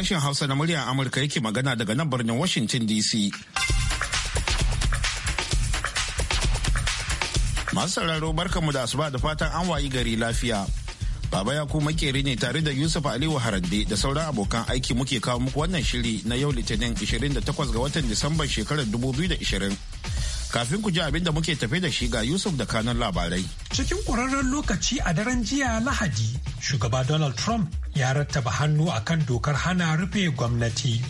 Sashen Hausa na muryar Amurka yake magana daga nan birnin Washington DC. Masu sauraro barkanmu da asuba da fatan an wayi gari lafiya. Baba ya kuma makeri ne tare da Yusuf Aliyu Harande da sauran abokan aiki muke kawo muku wannan shiri na yau Litinin 28 ga watan Disamban shekarar 2020. Kafin ku ji abin da muke tafe da shi ga Yusuf da kanan labarai. Cikin ƙwararren lokaci a daren jiya Lahadi, shugaba Donald Trump ya rattaba hannu a kan dokar hana rufe gwamnati.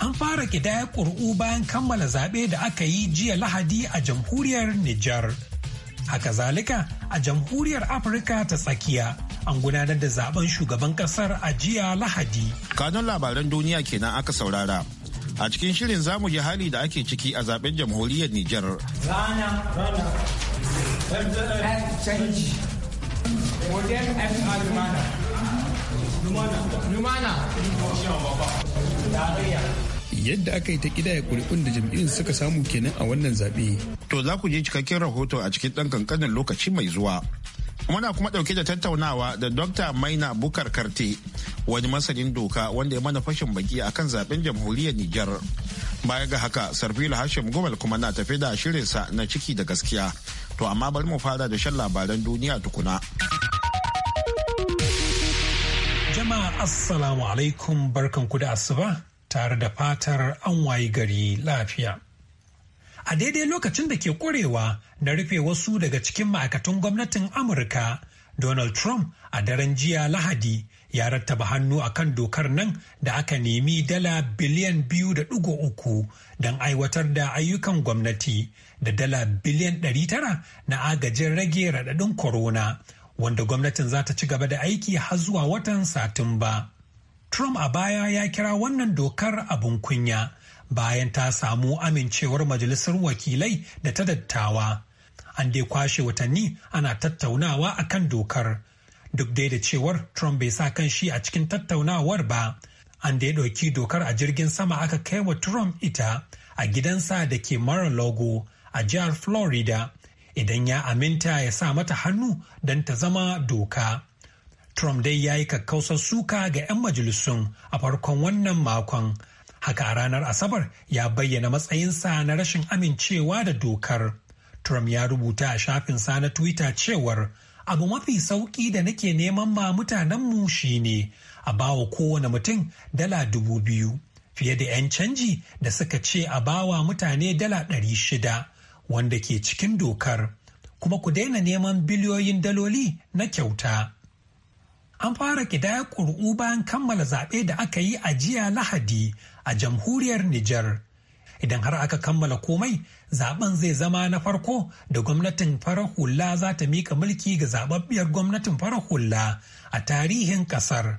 An fara ƙidaya ƙuri'u bayan kammala zaɓe da aka yi jiya Lahadi a jamhuriyar Nijar. A kazalika, a jamhuriyar Afirka ta tsakiya. an gudanar da zaben shugaban kasar a jiya lahadi. kanun labaran duniya kenan aka saurara a cikin shirin zamu ji hali da ake ciki a zaben jamhuriyar nijar rana Yadda aka yi ta kidaya kuri'un da jam'iyyun suka samu kenan a wannan zaɓe. To za ku je cikakken rahoto a cikin ɗan kankanin lokaci mai zuwa. Muna kuma ɗauke da tattaunawa da Dr. Maina Bukar Karte, wani masanin doka wanda ya mana fashin baki a kan zaben jamhuriyar Nijar. Baya ga haka, Sarfila Hashim Gumal kuma na tafi da shirinsa na ciki da gaskiya. To amma bari mu fara da shan labaran duniya tukuna. Assalamu alaikum barkanku da asuba tare da fatar an wayi gari lafiya. A daidai lokacin da ke ƙurewa na rufe wasu daga cikin ma'aikatan gwamnatin Amurka, Donald Trump a daren jiya Lahadi ya rattaba hannu a kan dokar nan da aka nemi dala biliyan biyu da ɗigo uku don aiwatar da ayyukan gwamnati da dala biliyan ɗari tara na agajin rage raɗaɗin korona. wanda gwamnatin za ta ci gaba da aiki har zuwa watan Satumba. Trump a baya ya kira wannan dokar abin kunya bayan ta samu amincewar majalisar wakilai da ta dattawa. An dai kwashe watanni ana tattaunawa a kan dokar. Duk dai da cewar Trump bai sa kan shi a cikin tattaunawar ba. An dai ɗauki dokar a jirgin sama aka kai wa Trump ita a gidansa da ke Mar-a-Lago a jihar Florida idan ya aminta ya sa mata hannu don ta zama doka. Trump dai ya yi kakkausar suka ga 'yan majalisun a farkon wannan makon. Haka a ranar Asabar ya bayyana matsayinsa na rashin amincewa da dokar. Trump ya rubuta a shafinsa na Twitter cewar abu mafi sauƙi da nake neman ma mutanenmu shi ne. a bawa kowane mutum dala dubu biyu fiye da 'yan canji da suka ce a bawa mutane dala ɗari shida wanda ke cikin dokar kuma ku daina neman biliyoyin daloli na kyauta. An fara kidaya ƙuri'u bayan kammala zaɓe da aka yi a jiya Lahadi a jamhuriyar Nijar. Idan har aka kammala komai, zaben zai zama na farko da gwamnatin farar hula za ta mika mulki ga zababbiyar gwamnatin farar hula a tarihin ƙasar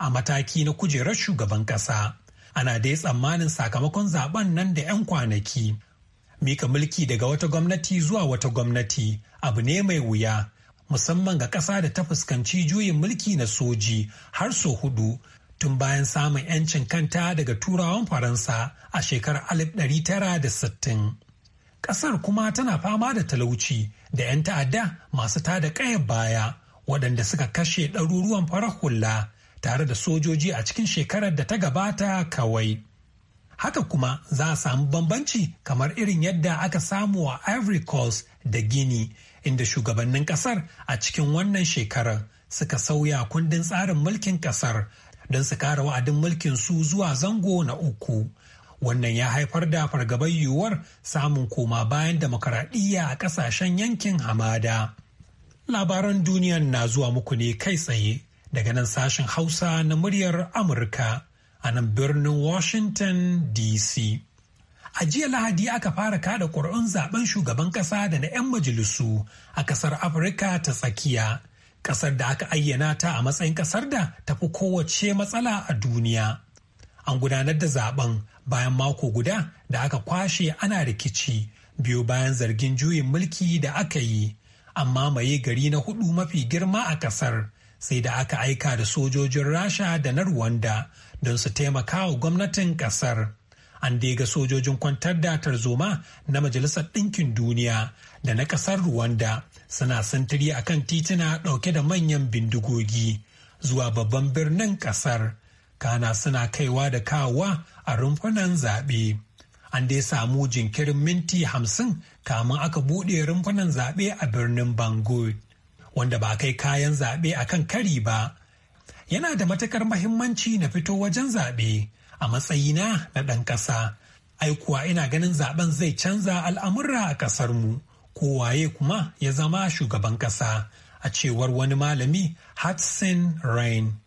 a mataki na kujerar shugaban ƙasa. Ana dai tsammanin sakamakon zaben nan da 'yan kwanaki. Mika mulki daga wata gwamnati zuwa wata gwamnati abu ne mai wuya, musamman ga ƙasa da ta fuskanci juyin mulki na soji har so hudu tun bayan samun 'yancin kanta daga turawan Faransa a shekarar 1960. Ƙasar kuma tana fama da talauci da 'yan ta'adda masu tada ƙayar baya waɗanda suka kashe ɗaruruwan farar hula tare da sojoji a cikin shekarar da ta gabata kawai. haka kuma za a samu bambanci kamar irin yadda aka samu a ivory coast da Gini, inda shugabannin kasar a cikin wannan shekarar suka sauya kundin tsarin mulkin kasar don su kara wa'adin mulkin su zuwa zango na uku wannan ya haifar da fargabar yiwuwar samun koma bayan demokaradiyya a kasashen yankin hamada labaran duniyan na zuwa muku ne kai tsaye daga nan sashen hausa na muryar amurka a nan birnin Washington DC. A jiya Lahadi aka fara kada ƙuri'un zaben shugaban ƙasa da na 'yan majalisu a ƙasar Afirka ta tsakiya, ƙasar da aka ayyana ta a matsayin ƙasar da tafi kowace matsala a duniya. An gudanar da zaben bayan mako guda da aka kwashe ana rikici biyu bayan zargin juyin mulki da aka yi, amma maye gari na hudu mafi girma a ƙasar sai da aka aika da sojojin rasha da na ruwanda don su taimaka wa gwamnatin kasar an dai ga sojojin kwantar da tarzoma na majalisar ɗinkin duniya da na ƙasar ruwanda suna sintiri a kan titina ɗauke da manyan bindigogi zuwa babban birnin ƙasar kana suna kaiwa da kawowa a rumfunan zaɓe an dai samu jinkirin minti hamsin kamun aka buɗe rumfunan zaɓe a birnin bangui wanda ba kai kayan zaɓe a kan kari ba. Yana da matakar mahimmanci na fito wajen zaɓe a matsayina na ɗan ƙasa. Aikuwa ina ganin zaɓen zai canza al'amurra a ƙasarmu, kowaye kuma ya zama shugaban ƙasa, a cewar wani malami Hudson Rain.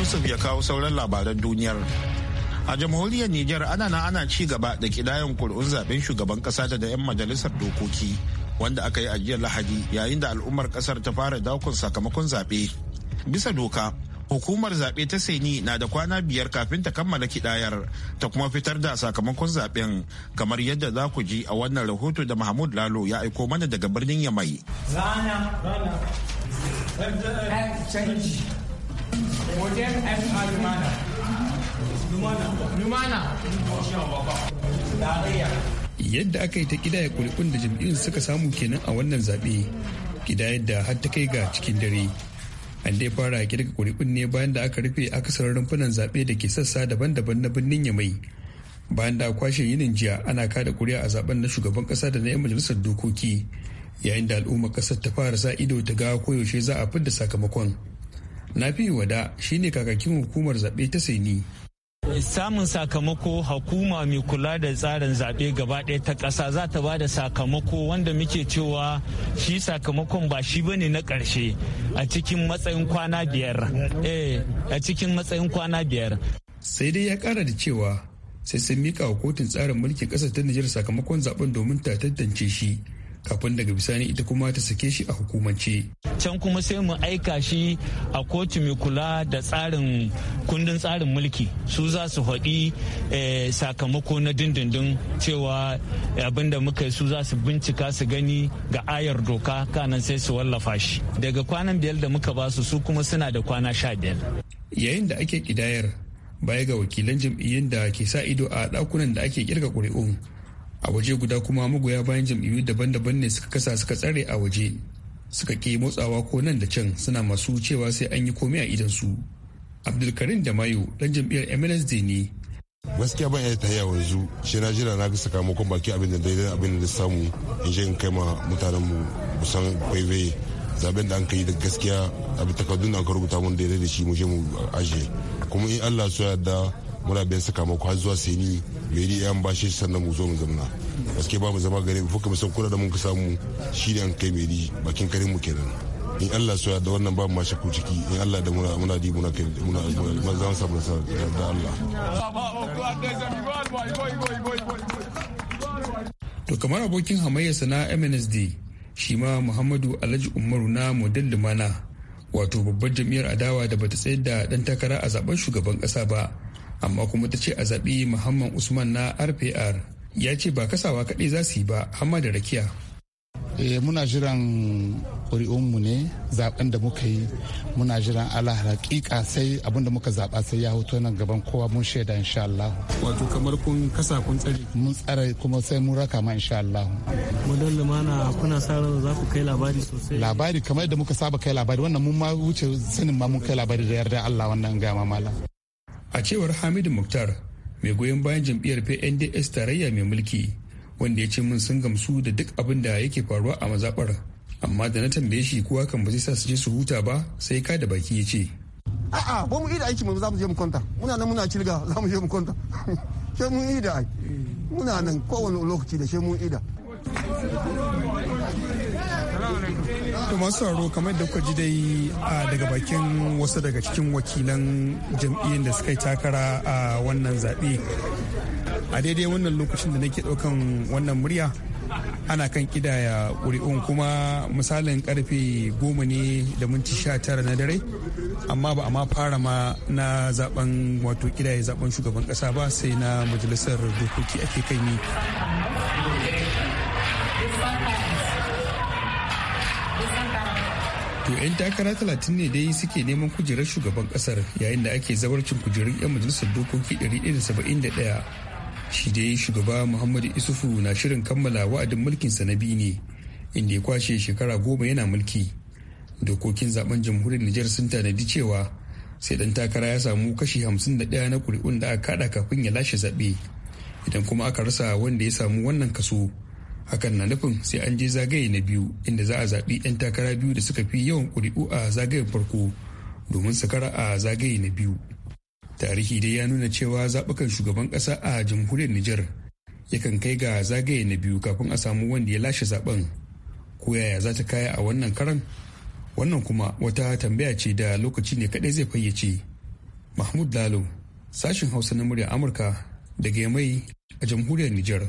Yusuf ya kawo sauran labaran duniyar. A jamhuriyar Nijar ana na ana ci gaba da kidayen kur'un zaben shugaban kasa da 'yan majalisar dokoki wanda aka yi a jiya Lahadi yayin da al'ummar kasar ta fara dakon sakamakon zaɓe. Bisa doka, hukumar zaɓe ta saini na da kwana biyar kafin ta kammala kidayar ta kuma fitar da sakamakon zaɓen kamar yadda za ku ji a wannan rahoto da Mahmud Lalo ya aiko mana daga birnin Yamai. Zana, rana, modem fa lumana lumana yadda aka yi ta kidaya kulikun da jam'iyyun suka samu kenan a wannan zaɓe kidayar da har ta kai ga cikin dare an dai fara kirka kulikun ne bayan da aka rufe akasarin rumfunan zaɓe da ke sassa daban-daban na birnin ya mai bayan da kwashe yinin jiya ana kada kuri'a a zaben na shugaban ƙasa da na 'yan majalisar dokoki yayin da al'ummar ƙasar ta fara sa ido ta ga koyaushe za a fidda sakamakon na fi wada shine kakakin hukumar zaɓe ta saini samun sakamako hukuma mai kula da tsarin zaɓe gaba ɗaya ta ƙasa za ta ba da sakamako wanda muke cewa shi sakamakon ba shi bane na ƙarshe a cikin matsayin kwana biyar eh a cikin matsayin kwana biyar sai dai ya ƙara da cewa sai sun mika wa kotun tsarin mulkin ƙasar ta Nijar sakamakon zaɓen domin ta tantance shi kafin daga bisani ita kuma ta sake shi a hukumance. Can kuma sai mu aika shi a kotu mai kula da tsarin kundin tsarin mulki su za su haɗi eh, sakamako na dindindin cewa abin da muka yi su za su bincika su gani ga ayar doka kanan sai su wallafa shi. Daga kwanan biyar da muka ba su su kuma suna da kwana sha biyar. Yayin da ake kidayar baya ga wakilan jam'iyyun da ke sa ido a ɗakunan da ake kirga ƙuri'un. a waje guda kuma magoya bayan jam'iyyu daban-daban ne suka kasa suka tsare a waje suka ke motsawa ko nan da can suna masu cewa sai an yi komai a su abdulkarim da mayo dan jam'iyyar mnsd ne gaskiya ban iya tahiya yanzu na jira na ga sakamakon baki abin da daidai abin da samu in je in kai ma mutanen mu musan kwaiwaye zaben da an kai da gaskiya abin takardun da aka rubuta mun daidai da shi mu je mu ajiye kuma in allah su yarda muna saka mako har zuwa sai ni ni yan bashi sannan mu zo mu zamna gaske ba mu zama gare mu fuka mu san kula da mun ka samu shi ne an kai ni bakin karin mu kenan in Allah so ya da wannan mu ma shakku ciki in Allah da muna muna di muna kai muna muna zama sabu da Allah to kamar abokin hamayya sana MNSD shi ma Muhammadu Alhaji Umaru na model Limana wato babbar jam'iyyar adawa da bata tsayar da dan takara a zaben shugaban kasa ba amma kuma ta ce a zaɓi muhammad usman na rpr ya ce ba kasawa kaɗai za su yi ba amma da rakiya eh, muna jiran ƙuri'unmu ne zaben da muka yi muna jiran ala hakika sai abinda da muka zaɓa sai ya hoto nan gaban kowa mun shaida insha Allah. Wato kamar kun kasa kun tsare? Mun tsare kuma sai mun raka ma insha Allah. Mudan lumana kuna sa ran za ku kai labari sosai? Labari kamar yadda muka saba kai labari wannan mun ma wuce sanin ma mun kai labari da yarda Allah wannan gama mamala a cewar hamidu muktar mai goyon bayan jam'iyyar pnds tarayya mai mulki wanda ya ce min sun gamsu da duk abin da yake faruwa a mazabar amma da na tambaye shi kuwa kan ba zai sa su je su huta ba sai ka da baki ya ce a'a ba mu ida aiki mu za mu je mu kwanta muna nan muna cilga za mu je mu kwanta ke mun ida muna nan kowane lokaci da ke mun ida To masu kamar da kuka ji dai daga bakin wasu daga cikin wakilan jam'iyyar da suka yi takara a wannan zaɓe. A daidai wannan lokacin da nake ɗaukan wannan murya ana kan kidaya ƙuri'un kuma misalin karfe goma ne da minti sha tara na dare amma ba a ma fara ma na zaben wato kidaya zaben shugaban ƙasa ba sai na majalisar dokoki ake kai ne. To 'yan takara talatin ne dai suke neman kujerar shugaban kasar yayin da ake zawarcin kujerun 'yan majalisar dokoki 171. Shi dai shugaba Muhammadu Isufu na shirin kammala wa'adin mulkin sa na biyu ne inda ya kwashe shekara goma yana mulki. Dokokin zaben jamhuriyar Nijar sun tanadi cewa sai dan takara ya samu kashi 51 na kuri'un da aka kada kafin ya lashe zaɓe. Idan kuma aka rasa wanda ya samu wannan kaso hakan na nufin sai an je zagaye na biyu inda za a zaɓi 'yan takara biyu da suka fi yawan ƙuri'u a zagayen farko domin sakara a zagaye na biyu tarihi dai ya nuna cewa zaɓukan shugaban ƙasa a jamhuriyar nijar yakan kai ga zagaye na biyu kafin a samu wanda ya lashe zaɓen ko yaya za ta kaya a wannan karan wannan kuma wata tambaya ce da lokaci ne kaɗai zai fayyace mahmud lalo sashin hausa na murya amurka daga mai a jamhuriyar nijar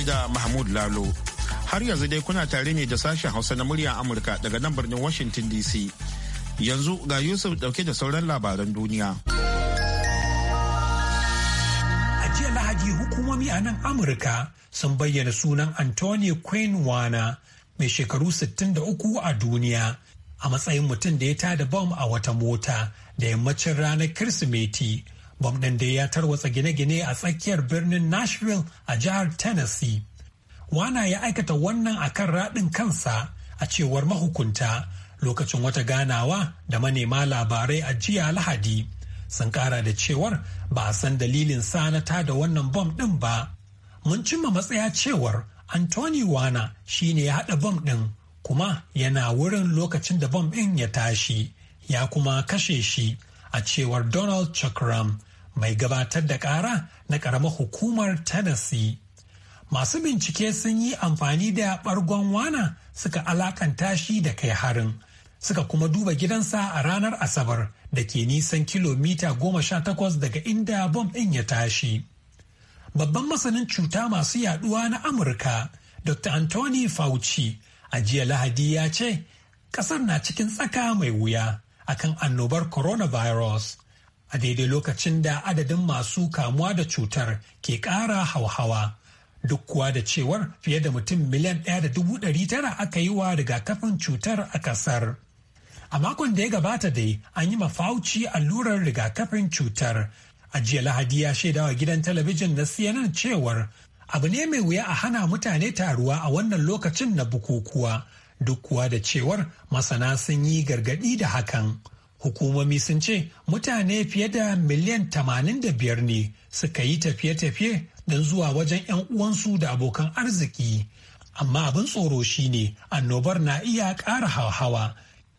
da Mahmud Lalo. Har yanzu dai kuna tare ne da sashen Hausa na murya Amurka daga nan birnin Washington DC. Yanzu ga Yusuf dauke da sauran labaran duniya. A jiya Lahadi hukumomi a nan Amurka sun bayyana sunan Anthony Quinn Wana mai shekaru 63 a duniya a matsayin mutum da ya tada bom a wata mota da yammacin ranar Kirsimeti bom ɗin da ya tarwatsa gine-gine a tsakiyar birnin nashville a jihar tennessee wana ya aikata wannan a kan raɗin kansa a cewar mahukunta lokacin wata ganawa da manema labarai a jiya lahadi sun ƙara da cewar ba a san dalilin sanata da wannan bom ɗin ba mun cimma matsaya cewar Anthony Wana shi ne ya haɗa bom ɗin kuma yana wurin lokacin da bom ɗin ya tashi ya kuma kashe shi a cewar Donald Chakram mai gabatar da ƙara na ƙaramar hukumar Tennessee. Masu bincike sun yi amfani da ɓargon wana suka alakanta shi da kai harin. Suka kuma duba gidansa a ranar Asabar da ke nisan kilomita goma sha takwas daga inda bom ɗin ya tashi. Babban masanin cuta masu yaduwa na Amurka, Dr. Anthony Fauci, a jiya Lahadi ya ce, ƙasar na cikin tsaka mai wuya akan annobar coronavirus. a daidai lokacin da adadin masu kamuwa da cutar ke ƙara hauhawa. Duk kuwa da cewar fiye da mutum miliyan ɗaya da dubu ɗari tara aka yi wa rigakafin cutar a ƙasar. A makon da ya gabata dai an yi mafauci allurar rigakafin cutar. A jiya Lahadi ya shaidawa gidan talabijin na CNN cewar abu ne mai wuya a hana mutane taruwa a wannan lokacin na bukukuwa duk kuwa da cewar masana sun yi gargaɗi da hakan. Hukumomi sun ce mutane fiye da miliyan 85 ne suka yi tafiye-tafiye don zuwa wajen 'yan uwansu da abokan arziki. Amma abin tsoro shine annobar na iya ƙara hauhawa.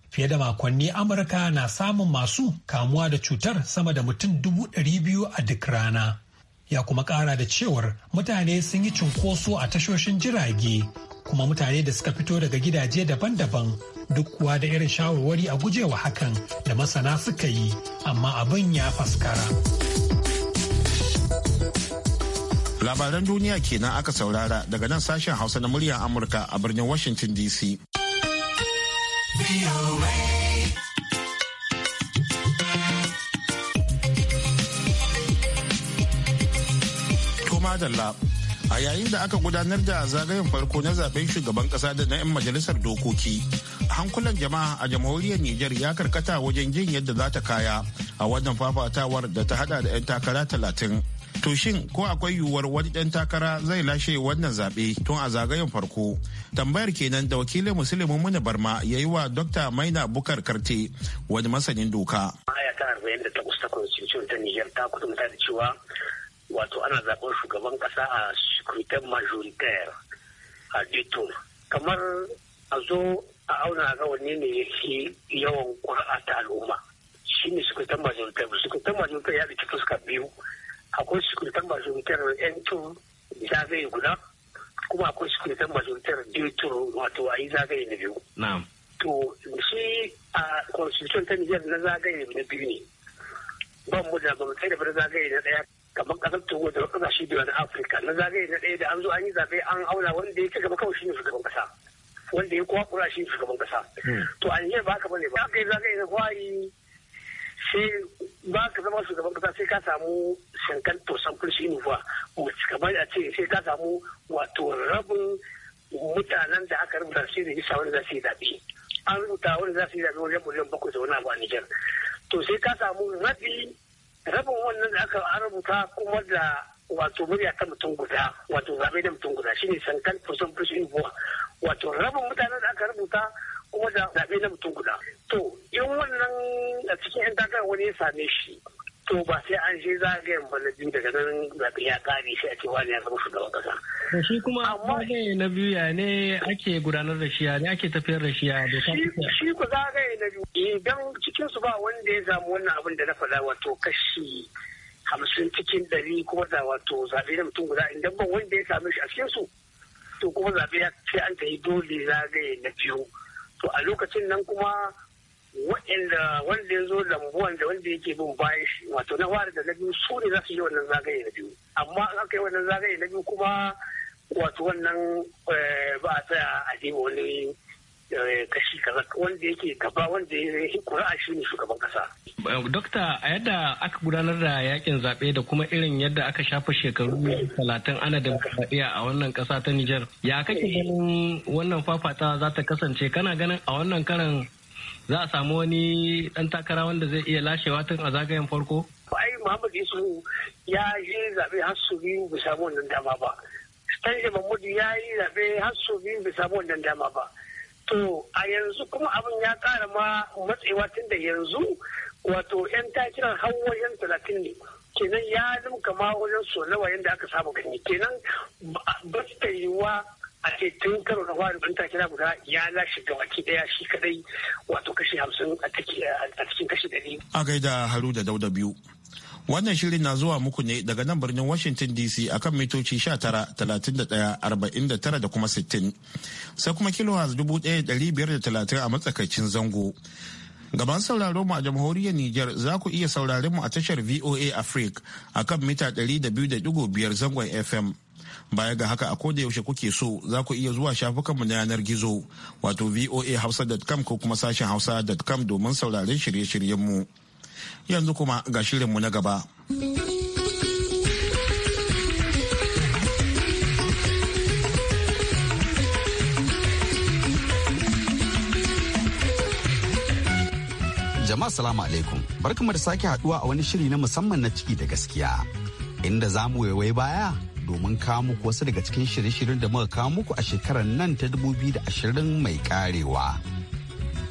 Fiye da makonni Amurka na samun masu kamuwa da cutar sama da mutum dubu biyu a duk rana. ya kuma kara da cewar mutane sun yi cunkoso a tashoshin jirage kuma mutane da suka fito daga gidaje daban-daban duk kuwa da irin shawarwari a gujewa hakan da masana suka yi amma abin ya faskara. labaran duniya kenan aka saurara daga nan sashen hausa na muryar amurka a birnin washington dc. madalla a yayin da aka gudanar da zagayen farko na zaben shugaban kasa da na 'yan majalisar dokoki hankulan jama'a a jamhuriyar nijar ya karkata wajen jin yadda za ta kaya a wannan fafatawar da ta hada da 'yan takara talatin to shin ko akwai yiwuwar wani ɗan takara zai lashe wannan zaɓe tun a zagayen farko tambayar kenan da wakilin musulmin muna barma ya yi wa dr maina bukar karte wani masanin doka ta arba'in da ta ta nijar ta da cewa wato ana zaɓar shugaban ƙasa a securitan majoritaire a detour kamar a zo a auna ga wanne ne ya fi yawan ƙura'a ta al'umma shi ne securitan majoritaire securitan majoritaire ya ɗauki fuska biyu akwai securitan majoritaire yan tur zagaye guda kuma akwai securitan majoritaire detour wato a yi zagaye na biyu to shi a constitution ta nijar na zagaye na biyu ne ban mu da ba mu tsaye da zagaye na ɗaya kamar kasar togo da kasashe da na afirka na zagaye na ɗaya da an zo an yi zaɓe an auna wanda ya ci gaba kawai shi ne shugaban kasa wanda ya kuwa kura ne shugaban kasa hmm. to an yi ba ka bane ba kai zagaye na kwari sai ba ka zama shugaban kasa sai ka samu shankan to samfur shi ne fa kamar a ce sai ka samu wato rabin mutanen da aka rubuta su da isa wani za su yi zaɓe an rubuta wani za su yi zaɓe wajen miliyan bakwai da wani abu a Nijar to sai ka samu rabi rabin wannan da aka rubuta kuma da wato murya ta mutum guda wato zaɓe da mutum guda shine sankan fusan fushi buwa wato rabin mutanen da aka rubuta kuma da zaɓe na mutum guda to in wannan a cikin yan takarar wani ya same shi to ba sai an je zagayen ba na biyu daga nan zaɓe ya kare shi a cewa wani ya zama shugaban ƙasa. Da shi kuma zagaye na biyu ya ne ake gudanar da shi ya ne ake tafiyar da shi ya doka. Shi ku zagaye na biyu idan cikin su ba wanda ya samu wannan abin da na faɗa wato kashi hamsin cikin ɗari kuma da wato zaɓe na mutum guda idan ba wanda ya samu shi a cikin su to kuma zaɓe ya ce an ta yi dole zagaye na biyu to a lokacin nan kuma wa'inda wanda ya zo lambuwan da wanda yake bin bayan shi wato na fari da na biyu su ne za su yi wannan zagaye na biyu amma in aka yi wannan zagaye na biyu kuma wato wannan eh, ba a tsaya a je wani eh, kashi kaza wanda yake gaba wanda ya yi kura'a shi ne shugaban kasa. Dokta a yadda aka gudanar da yakin zaɓe da kuma irin yadda aka shafa shekaru talatin ana demokradiyya a wannan ƙasa ta Nijar. Ya kake ganin wannan fafata za ta kasance kana ganin a wannan karan za a samu wani ɗan takara wanda zai iya lashewa tun a zagayen farko? ai muhammadu yusufu ya yi zaɓe har su biyu bai samu wannan dama ba stanje mahmudu ya yi zaɓe har su biyu bai samu wannan dama ba to a yanzu kuma abin ya ƙara ma matsewa tun da yanzu wato 'yan takiran har wajen talatin ne kenan ya zama kama wajen so nawa yadda aka samu gani kenan ba ta yiwuwa a ce tun karo na fari ɗan takira guda ya lashe gabaki daya shi kadai wato kashi hamsin a cikin kashi dari. A gaida haru da dauda biyu. Wannan shirin na zuwa muku ne daga nan birnin Washington DC akan mitoci 19, da kuma 60. Sai kuma da 1530 a matsakaicin zango. gaban sauraro mu a jamhuriyar niger za ku iya sauraron mu a tashar VOA Africa a kan mita 200.5 zangon FM. Baya ga haka a koda yaushe kuke so za ku iya zuwa shafukanmu na yanar gizo wato voahausa.com ko kuma sashen hausa.com domin sauraren shirye-shiryenmu. Yanzu kuma ga shirinmu na gaba. Jama'a salamu alaikum barkamu da sake haduwa a wani shiri na musamman na ciki da gaskiya inda za mu waiwai baya domin kawo muku wasu daga cikin shirye-shiryen da muka kawo muku a shekarar nan ta 2020 mai karewa.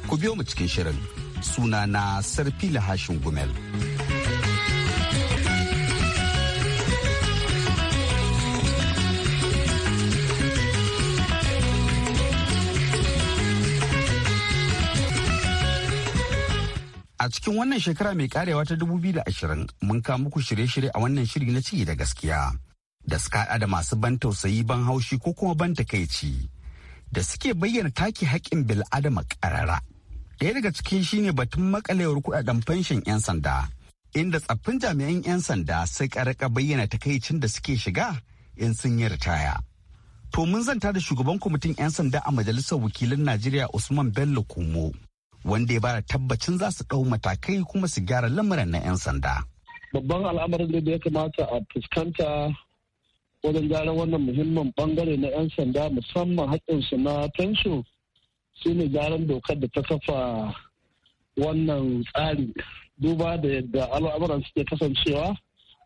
Ku biyo mu cikin shirin suna na sarfi Lahashin Gumel. A cikin wannan shekara mai karewa ta 2020 mun kawo muku shirye-shirye a wannan shiri na ciki da gaskiya. da suka haɗa da masu ban tausayi ban haushi ko kuma ban takaici da suke bayyana take haƙƙin bil'adama ƙarara. Ɗaya daga cikin shine batun makalewar kuɗaɗen fanshin 'yan sanda, inda tsaffin jami'an 'yan sanda sai ƙarƙa bayyana takaicin da suke shiga in sun yi ritaya. To mun zanta da shugaban kwamitin 'yan sanda a majalisar wakilin Najeriya Usman Bello Kumo, wanda ya bada tabbacin za su ɗau matakai kuma su gyara lamarin na 'yan sanda. Babban al'amarin da ya kamata a fuskanta wajen gyara wannan muhimmin bangare na 'yan sanda musamman haƙƙinsu na fensho su ne gyaran dokar da ta kafa wannan tsari duba da yadda al'amuran suke kasancewa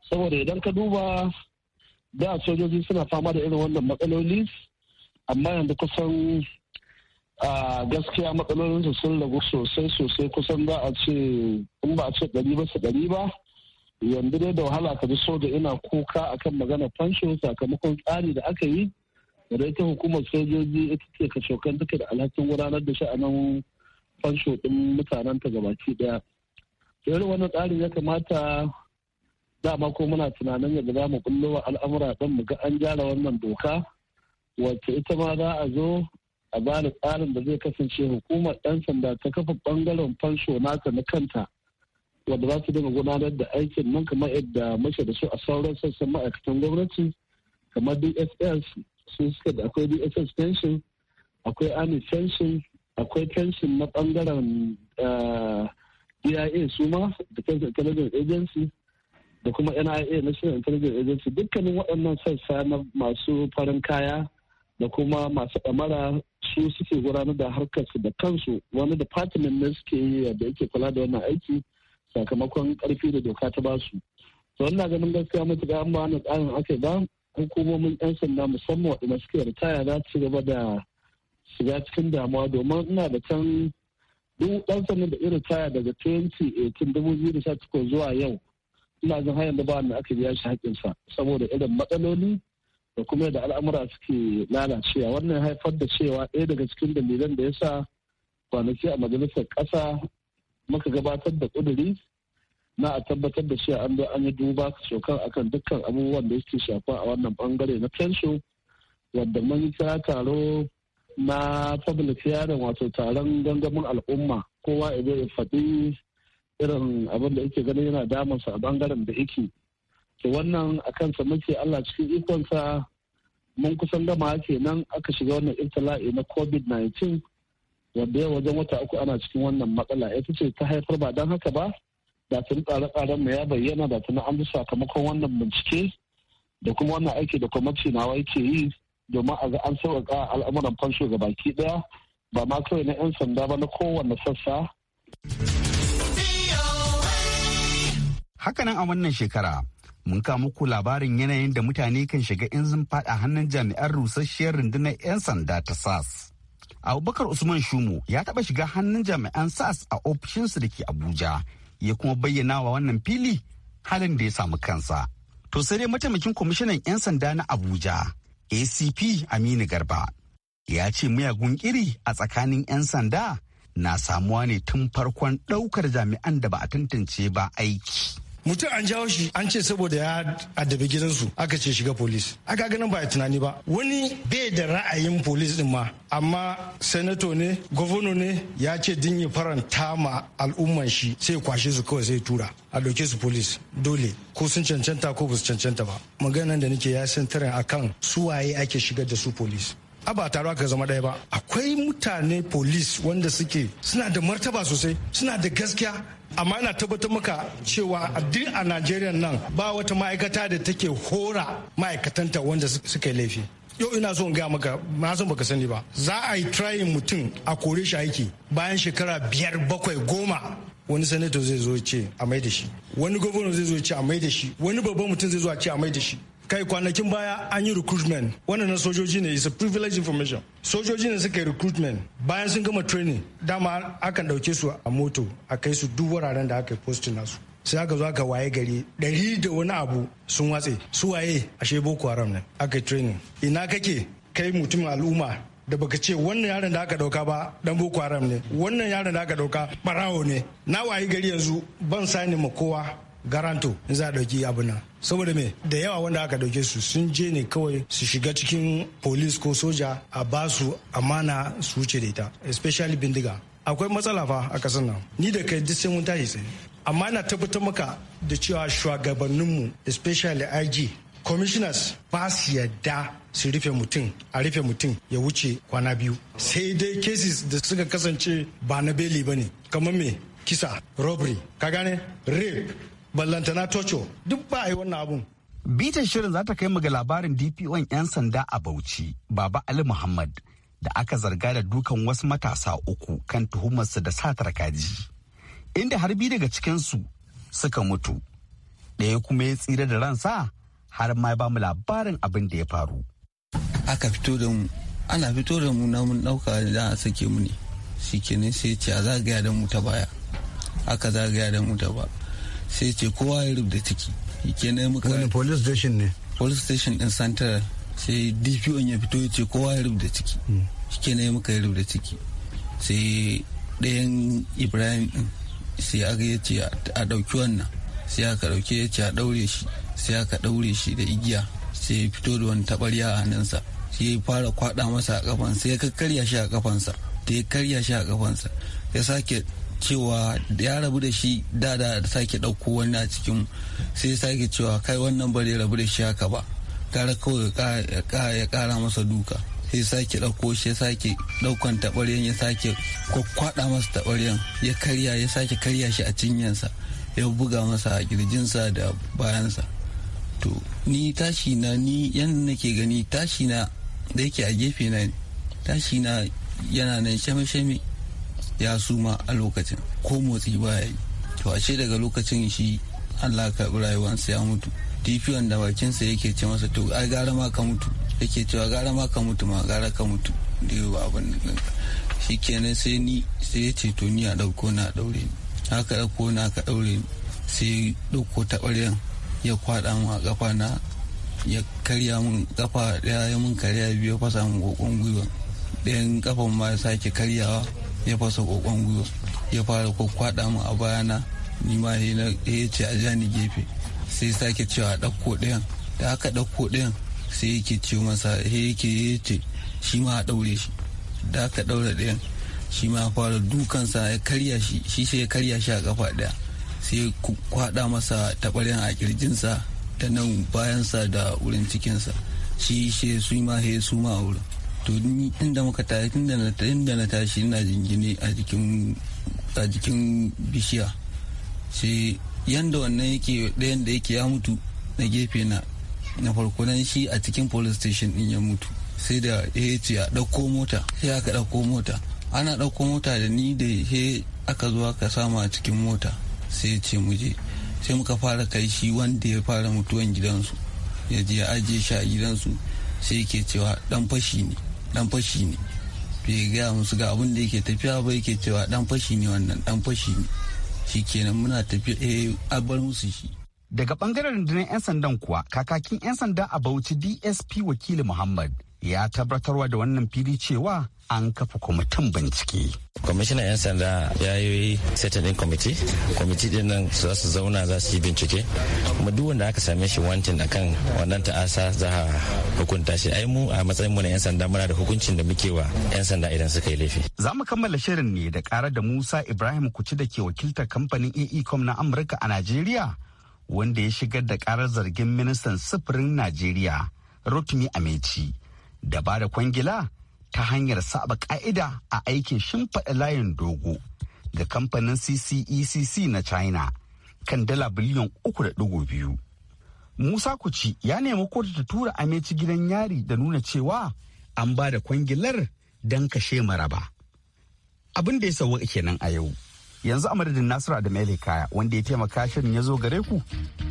saboda idan ka duba da sojoji suna fama da irin wannan matsaloli amma yanzu kusan a gaskiya matsalolinsu sun ragu sosai sosai kusan za a ce in ba a ce ɗari ba su ɗari ba yanzu dai da wahala ka ji soja ina kuka akan magana fansho sakamakon tsari da aka yi da ita hukumar sojoji ita ce ka shokan duka da alhakin gudanar da sha'anin fansho din mutanen ta gabaki daya irin wannan tsarin ya kamata dama ko muna tunanin yadda za mu kullo wa al'amura don mu ga an gyara wannan doka wacce ita ma za a zo a bani tsarin da zai kasance hukumar ɗan sanda ta kafa bangaren fansho nata na kanta wanda za su dinga gudanar da aikin nan kamar yadda mace da su a sauran sassan ma'aikatan gwamnati kamar dss su suka da akwai dss pension akwai army pension akwai pension na bangaren eh, dia su ma defense intelligence agency da kuma nia national intelligence agency dukkanin waɗannan sassa na masu farin kaya da kuma masu ɗamara su suke gudanar da harkarsu da kansu wani department ne suke yi da yake kula da wannan aiki sakamakon karfi da doka ta basu to ina ganin gaskiya matuƙa an ba wani tsarin aka ba hukumomin yan sanda musamman waɗanda suke taya za su gaba da shiga cikin damuwa domin ina da can duk ɗan sanda da irin taya daga 2018 zuwa yau ina zan hayan da ba wanda aka biya shi haƙƙinsa saboda irin matsaloli da kuma yadda al'amura suke lalacewa wannan haifar da cewa ɗaya daga cikin dalilan da yasa kwanaki a majalisar ƙasa muka gabatar da ƙuduri na a tabbatar da shi an an yi duba shokan akan dukkan abubuwan da suke shafa a wannan bangare na fensho wadda mun kira taro na public hearing wato taron gangamin al'umma kowa ya ya faɗi irin abin da yake ganin yana damunsa a bangaren da yake to wannan a kansa muke allah cikin ikonsa mun kusan gama kenan aka shiga wannan ibtila'i na covid-19 wanda ya wajen wata uku ana cikin wannan matsala ita ce ta haifar ba don haka ba da tun tsare-tsaren mu ya bayyana da tun an bi sakamakon wannan bincike da kuma wannan aiki da kwamiti nawa yake yi domin a ga an sauƙaƙa al'amuran fansho ga baki ɗaya ba ma kawai na 'yan sanda ba na kowane sassa. Hakanan a wannan shekara mun ka muku labarin yanayin da mutane kan shiga in sun faɗa hannun jami'an rusasshiyar rundunar 'yan sanda ta SAS. abubakar usman shumu ya taɓa shiga hannun jami'an sas a ofishinsu da ke abuja ya kuma bayyana wa wannan fili halin da ya samu kansa to sai dai mataimakin kwamishinan 'yan sanda na abuja acp aminu garba ya ce miyagun ƙiri a tsakanin 'yan sanda na samuwa ne tun farkon ɗaukar jami'an da ba a tantance ba aiki mutum an jawo shi an ce saboda ya addabi gidansu aka ce shiga polis aka nan ba a tunani ba wani bai da ra'ayin polis din ma amma senator ne gwamna ne ya ce din ya faranta ma al'umman shi sai kwashe su kawai sai tura a doke su polis dole ko sun cancanta ko basu cancanta ba maganan da nake ya santarin akan suwaye ake shigar da su polis a ba taro aka zama ɗaya ba akwai mutane polis wanda suke suna da martaba sosai suna da gaskiya amma ina tabbatar maka cewa duk a najeriya nan ba wata ma'aikata da take hora ma'aikatanta wanda suka yi laifi yau ina so in gaya maka na san baka sani ba za a yi trying mutum a kore shi aiki bayan shekara biyar bakwai goma wani sanato zai zo ce a mai da shi wani gwamnati zai zo ce a mai da shi wani babban mutum zai zo a ce a mai da shi kai kwanakin baya an yi recruitment wannan sojoji ne is a privilege information sojoji ne suka yi recruitment bayan sun gama training dama akan ɗauke su a moto a kai su duk wuraren da aka yi posting nasu sai aka zo aka waye gari ɗari da wani abu sun watse su waye ashe boko haram ne aka training ina kake kai mutumin al'umma da baka ce wannan yaron da aka dauka ba dan boko haram ne wannan yaron da aka dauka barawo ne na waye gari yanzu ban sani ma kowa garanto in za a ɗauki abu na saboda me da yawa wanda aka ɗauke su sun je ne kawai su shiga cikin polis ko soja a ba su amana su wuce da ita especially bindiga akwai matsala fa a ƙasar nan ni da kai duk sai mun tashi sai amma na tabbatar maka da cewa shugabanninmu especially IG commissioners ba su yadda su rufe mutum a rufe mutum ya wuce kwana biyu sai dai cases da suka kasance ba na beli ba ne kamar me kisa robbery ka gane rape ballantana toco duk ba a yi wannan abun bitan shirin za ta kai mu ga labarin dpo 'yan sanda a bauchi baba ali muhammad da aka zarga da dukan wasu matasa uku kan tuhumarsu da satar kaji inda har biyu daga cikinsu suka mutu ɗaya kuma ya tsira da ransa har ma ba mu labarin abin da ya faru aka fito da mu ana fito da mu na mun ɗauka da a sake mu ne shikenan sai ce a zagaya da mu ta baya aka zagaya da mu ta baya sai ce kowa ya rubuta ciki kenan muka wani police station ne police station din santa sai dpo ya fito ya ce kowa ya rubuta ciki hmm. kenan muka ya rubuta ciki sai ɗayan ibrahim din sai aka ya ce a ɗauki wannan sai aka ɗauke ya ce a ɗaure shi sai aka ɗaure shi da igiya sai ya fito da wani taɓarya a hannunsa sai ya fara kwaɗa masa a kafansa ya karya shi a kafansa ta ya karya shi a kafansa ya sake cewa ya rabu da shi da da sake ɗauko wani a cikin sai sake cewa kai wannan ba ya rabu da shi haka ba gara kawai ya kara masa duka sai sake ɗauko shi ya sake ɗaukan taɓaryan ya sake kwakwada masa taɓaryan ya karya ya sake karya shi a cinyansa ya buga masa a kirjinsa da bayansa to ni tashi na ni yadda nake gani tashi na da yake a gefe na tashi na yana nan shame-shame ya suma a lokacin ko motsi ba ya yi to ashe daga lokacin shi allah ka sai ya mutu dp wanda bakinsa yake ce masa to ai gara ma ka mutu yake cewa gara ma ka mutu ma gara ka mutu da wa abin nan shi kenan sai ni sai ya ce to ni a ɗauko na ɗaure ni haka ɗauko na ka ɗaure ni sai ɗauko taɓaryan ya kwaɗa mu a ƙafa na ya karya mun ƙafa ɗaya ya mun karya biyu fasa mun kokon gwiwa ɗayan ƙafan ma ya sake karyawa ya fasa kokon gwiwa ya fara kwakwada mu a bayana ni ma ne ya ce a ja ni gefe sai sake cewa ɗauko ɗayan da aka ɗauko ɗayan sai yake ce masa yake ya ce shi ma a ɗaure shi da aka ɗaura ɗayan shi ma fara dukansa ya karya shi shi sai ya karya shi a kafa ɗaya sai kwada masa taɓarin a kirjinsa da nan bayansa da wurin cikinsa shi shi su ma he su ma a wurin to inda muka tashi inda na tashi ina jingine a jikin bishiya sai yanda wannan yake ɗayan da yake ya mutu na gefe na na farko nan shi a cikin police station din ya mutu sai da ya ce a ɗauko mota sai aka ɗauko mota ana ɗauko mota da ni da he aka zo aka sama a cikin mota sai ya ce muje sai muka fara kai shi wanda ya fara mutuwan gidansu ya je ya ajiye shi a gidansu sai ke cewa dan fashi ne dan fashi ne bai gaya musu ga abin da yake tafiya ba yake cewa dan fashi ne wannan dan fashi ne shi kenan muna tafiya eh bar musu shi daga bangaren rundunar 'yan sandan kuwa kakakin 'yan sanda a bauchi dsp wakili muhammad ya tabbatarwa da wannan fili cewa an kafa kwamitin bincike. kwamishinan 'yan sanda ya yi setin din kwamiti kwamiti din nan za su zauna za su yi bincike kuma duk wanda aka same shi wantin akan wannan ta'asa za a hukunta shi ai mu a matsayin mu na 'yan sanda muna da hukuncin da muke wa 'yan sanda idan suka yi laifi za mu kammala shirin ne da ƙara da musa ibrahim kuci da ke wakiltar kamfanin aecom na amurka a najeriya wanda ya shigar da ƙarar zargin ministan sufurin najeriya rotimi ameci da ba da kwangila ta hanyar saba ka'ida a aikin shimfaɗa layin dogo ga kamfanin CCECC e na China kan dala biliyan uku da ɗigo biyu. Musa Kuci ya nemi kotu ta tura ameci gidan yari da nuna cewa an ba da kwangilar don kashe maraba. Abin da ya sauwa kenan a yau. Yanzu a madadin Nasiru da Mele Kaya wanda ya taimaka shirin ya zo gare ku,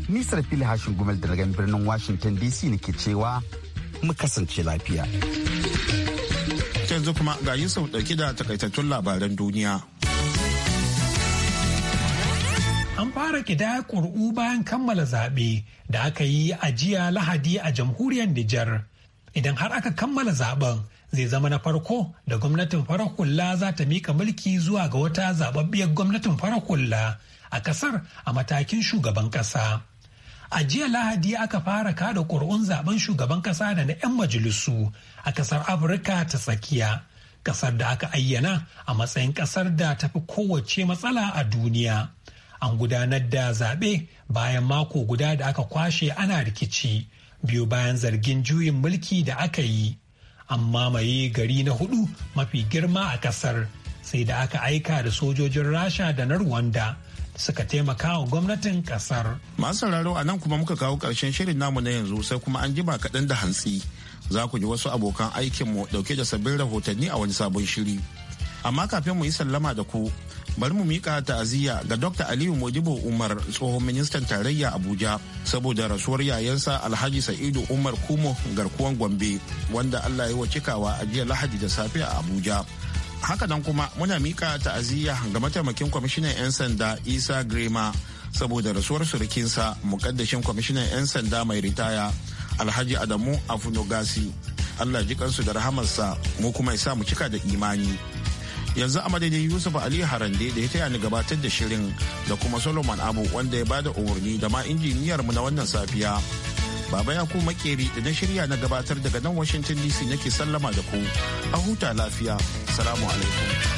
Nisar Fili Hashin Gumel da birnin Washington DC ne ke cewa mu kasance lafiya. Yanzu kuma ga Yusuf ɗauki da takaitattun labaran duniya. An fara kidaya ƙuri'u bayan kammala zaɓe da aka yi a jiya lahadi a jamhuriyar Nijar. Idan har aka kammala zaben zai zama na farko da gwamnatin farar hula za ta mika mulki zuwa ga wata zababbiyar gwamnatin farar hula a ƙasar a matakin shugaban ƙasa. A jiya Lahadi aka fara kada ƙuri'un zaben shugaban ƙasa da na 'yan majalisu a ƙasar Afirka ta tsakiya, ƙasar da aka ayyana a matsayin ƙasar da ta fi kowace matsala a duniya. An gudanar da zaɓe bayan mako guda da aka kwashe ana rikici, biyu bayan zargin juyin mulki da aka yi. An mamaye gari na hudu mafi girma a ƙasar, sai da aka aika da sojojin Rasha da na Rwanda. suka taimaka wa gwamnatin kasar. Masu sauraro a nan kuma muka kawo ƙarshen shirin namu na yanzu sai kuma an jima kaɗan da hantsi. Za ku ji wasu abokan aikinmu ɗauke da sabbin rahotanni a wani sabon shiri. Amma kafin mu yi sallama da ku, bari mu miƙa ta'aziyya ga Dr. Aliyu Modibo Umar tsohon ministan tarayya Abuja saboda rasuwar yayansa Alhaji Sa'idu Umar Kumo garkuwan Gombe wanda Allah ya wa cikawa a jiya Lahadi da safe a Abuja. haka nan kuma muna mika ta'aziyya ga mataimakin kwamishinan 'yan sanda isa grema saboda rasuwar surukinsa mukaddashin kwamishinan 'yan sanda mai ritaya alhaji adamu afunogasi allah jikansu da rahamarsa mu kuma isa mu cika da imani yanzu a madadin yusuf ali harande da ya taya ni gabatar da shirin da kuma solomon abu wanda ya bada umarni da ma injiniyar mu na wannan safiya baba ya ku makeri da na shirya na gabatar daga nan washington dc nake sallama da ku a huta lafiya Assalamu alaikum.